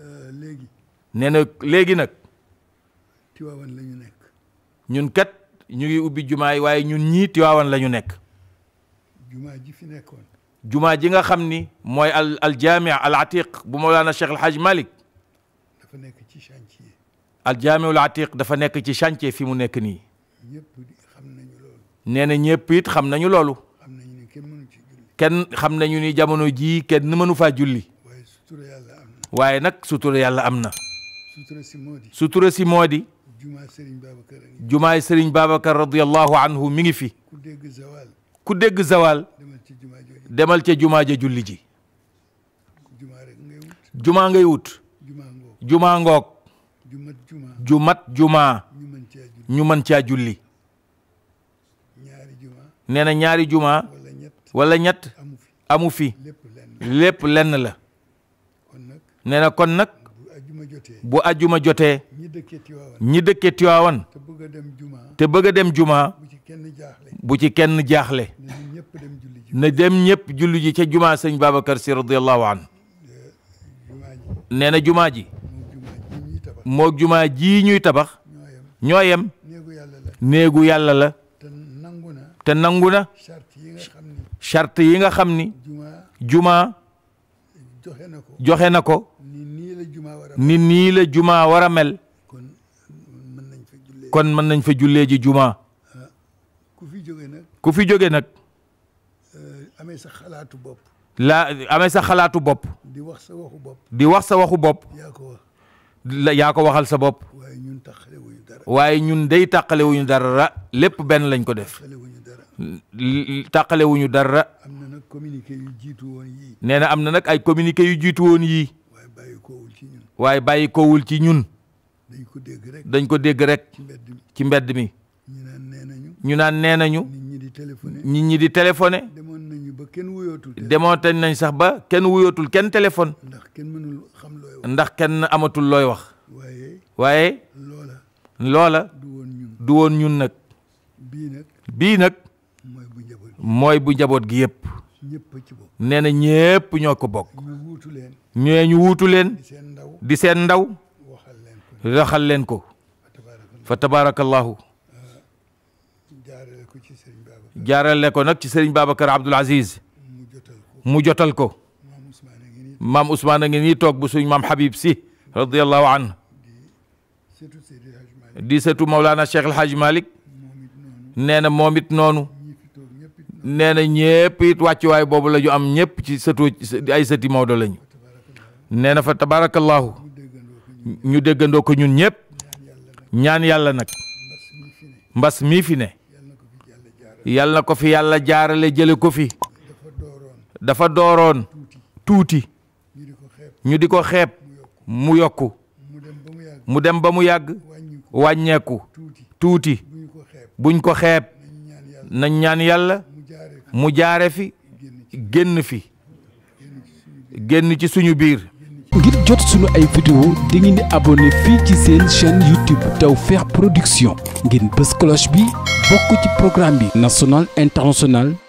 Euh, léegi nee na léegi nag tiwaawan la ñu ñun kat ñu ngi ubbi jumaa yi waaye ñun ñii tiwaawan la nekk jumaa ji fi nekkoon jumaa ji nga xam ni mooy al al jaami al bu Mawlana Cheikh El Hadj Malick dafa nekk ci chantier al jaami al atiq dafa nekk ci chantier fi mu nekk nii ñëpp xam nañu loolu na ñëpp it xam nañu loolu kenn xam nañu ni jamono jii kenn mënu faa julli waaye waaye nag sutura yàlla am na. sutura si moo di. sutura si moo di. anhu mi ngi fi. ku dégg zawal. ku demal ca jumaa ja julli ji. jumaa ngay wut. jumaa ngoog. jumat jumaa. ñu mën caa julli. neena ñaari jumaa. wala ñett amu fi. lépp lenn la. nee na kon nag bu ajjuma jotee ñi dëkkee Tiwaawan te bëgg a dem jumaa bu ci kenn jaaxle na dem ñëpp julli ji ca juma sëñ Babacar si radiyallahu an nee na juma ji moo jumaa ji ñuy tabax ñoo yem néegu yàlla la te nangu na charte yi nga xam ni jumaa joxe na ko joxe na ko ni nii la jumaa war a mel kon mën nañ fa jullee ji jumaa ku fi jóge nag ku fi jóge nag eh, amee sa xalaatu bopp laa sa xalaatu bopp di wax sa waxu bopp wax sa waxu bopp yaa ko waxal sa bopp waaye ñun tàqale wuñu dara waaye ñun day tàqale wuñu lépp benn lañ ko def tàqale wuñu communiqué yu jiitu nee na am na nag ay communiqué yu jiitu woon yii. waaye bàyyi kowul ci ñun. dañ ko dégg rek dañ ko dégg rek. ci mbedd mi ci mbedd ñu naan nee nañu. ñi di téléphoné. nit ñi di téléphoné. demoon nañu ba kenn wuyootul. demoon nañ sax ba kenn wuyootul kenn téléphone. ndax kenn mënul xam ndax kenn amatul looy wax. waaye. waaye. loola. du woon ñun nag. bii nag. bii nag. mooy bu njaboot gi yëpp. nee na ñépp ñoo ko bokk ñee ñu wuutu leen di seen ndaw raxal leen ko fa tabaarakallaahu ah, jarale ko nag ci sëriñ Babacar Abdoul Aziz mu jotal ko maam Ousmane a ngi nii toog bu suñ maam Habib si radiallahu anhu di sëtu Mawlana Cheikh El Hadj Malick nee na noonu nee na ñëpp it wàccuwaay boobu la ñu am ñëpp ci sëtu ay sëti Maodo lañu nee fa tabaarakallaahu ñu déggandoo ko ñun ñëpp ñaan yàlla nag mbas mii fi ne yàlla na ko fi yàlla jaarale jële ko fi dafa dooroon tuuti ñu di ko xeeb mu yokku mu dem ba mu yàgg wàññeeku tuuti buñ ko xeeb nañ ñaan yàlla mu jaare fi génn fi génn ci suñu biir ngir jot suñu ay vidéo di ngeen di fii ci seen chaîne YouTube Tawfekh Production ngeen bës cloche bi bokk ci programme bi national international